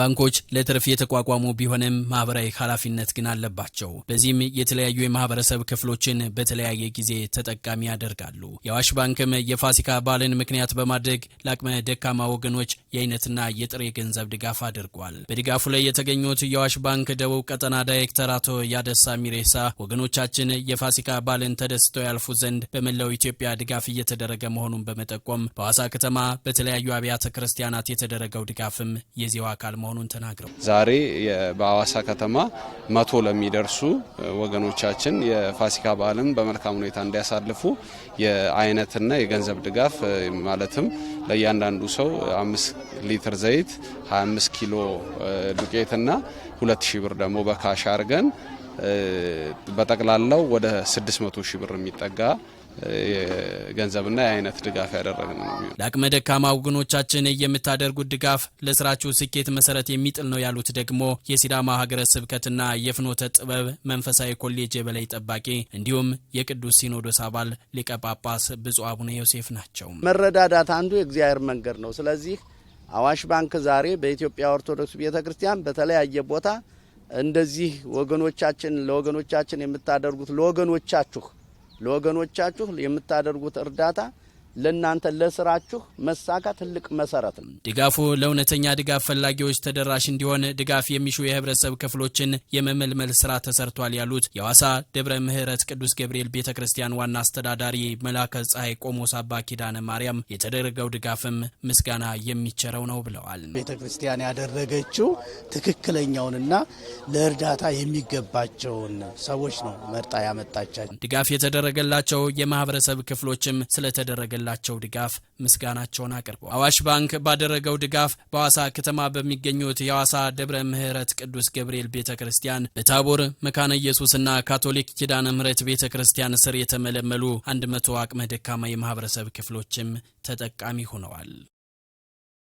ባንኮች ለትርፍ የተቋቋሙ ቢሆንም ማህበራዊ ኃላፊነት ግን አለባቸው። በዚህም የተለያዩ የማህበረሰብ ክፍሎችን በተለያየ ጊዜ ተጠቃሚ ያደርጋሉ። የአዋሽ ባንክም የፋሲካ በዓልን ምክንያት በማድረግ ለአቅመ ደካማ ወገኖች የአይነትና የጥሬ ገንዘብ ድጋፍ አድርጓል። በድጋፉ ላይ የተገኙት የአዋሽ ባንክ ደቡብ ቀጠና ዳይሬክተር አቶ ያደሳ ሚሬሳ ወገኖቻችን የፋሲካ በዓልን ተደስተው ያልፉ ዘንድ በመላው ኢትዮጵያ ድጋፍ እየተደረገ መሆኑን በመጠቆም በሐዋሳ ከተማ በተለያዩ አብያተ ክርስቲያናት የተደረገው ድጋፍም የዚው አካል መሆኑን ተናግረው ዛሬ በአዋሳ ከተማ መቶ ለሚደርሱ ወገኖቻችን የፋሲካ በዓልን በመልካም ሁኔታ እንዲያሳልፉ የአይነትና የገንዘብ ድጋፍ ማለትም ለእያንዳንዱ ሰው አምስት ሊትር ዘይት 25 ኪሎ ዱቄትና ሁለት ብር ደግሞ በካሽ አድርገን በጠቅላላው ወደ 600 ሺህ ብር የሚጠጋ ገንዘብና የአይነት ድጋፍ ያደረግን ነው። ለአቅመ ደካማ ወገኖቻችን የምታደርጉት ድጋፍ ለስራችሁ ስኬት መሰረት የሚጥል ነው ያሉት ደግሞ የሲዳማ ሀገረ ስብከትና የፍኖተ ጥበብ መንፈሳዊ ኮሌጅ የበላይ ጠባቂ እንዲሁም የቅዱስ ሲኖዶስ አባል ሊቀ ጳጳስ ብፁዕ አቡነ ዮሴፍ ናቸው። መረዳዳት አንዱ የእግዚአብሔር መንገድ ነው። ስለዚህ አዋሽ ባንክ ዛሬ በኢትዮጵያ ኦርቶዶክስ ቤተ ክርስቲያን በተለያየ ቦታ እንደዚህ ወገኖቻችን ለወገኖቻችን የምታደርጉት ለወገኖቻችሁ ለወገኖቻችሁ የምታደርጉት እርዳታ ለእናንተ ለስራችሁ መሳካ ትልቅ መሰረት ነው። ድጋፉ ለእውነተኛ ድጋፍ ፈላጊዎች ተደራሽ እንዲሆን ድጋፍ የሚሹ የህብረተሰብ ክፍሎችን የመመልመል ስራ ተሰርቷል ያሉት የሐዋሳ ደብረ ምሕረት ቅዱስ ገብርኤል ቤተ ክርስቲያን ዋና አስተዳዳሪ መላከ ፀሐይ ቆሞስ አባ ኪዳነ ማርያም የተደረገው ድጋፍም ምስጋና የሚቸረው ነው ብለዋል። ቤተ ክርስቲያን ያደረገችው ትክክለኛውንና ለእርዳታ የሚገባቸውን ሰዎች ነው መርጣ ያመጣቻል። ድጋፍ የተደረገላቸው የማህበረሰብ ክፍሎችም ስለተደረገ ላቸው ድጋፍ ምስጋናቸውን አቅርበው አዋሽ ባንክ ባደረገው ድጋፍ በሐዋሳ ከተማ በሚገኙት የሐዋሳ ደብረ ምሕረት ቅዱስ ገብርኤል ቤተ ክርስቲያን በታቦር መካነ ኢየሱስና ካቶሊክ ኪዳነ ምሕረት ቤተ ክርስቲያን ስር የተመለመሉ 100 አቅመ ደካማ የማህበረሰብ ክፍሎችም ተጠቃሚ ሆነዋል።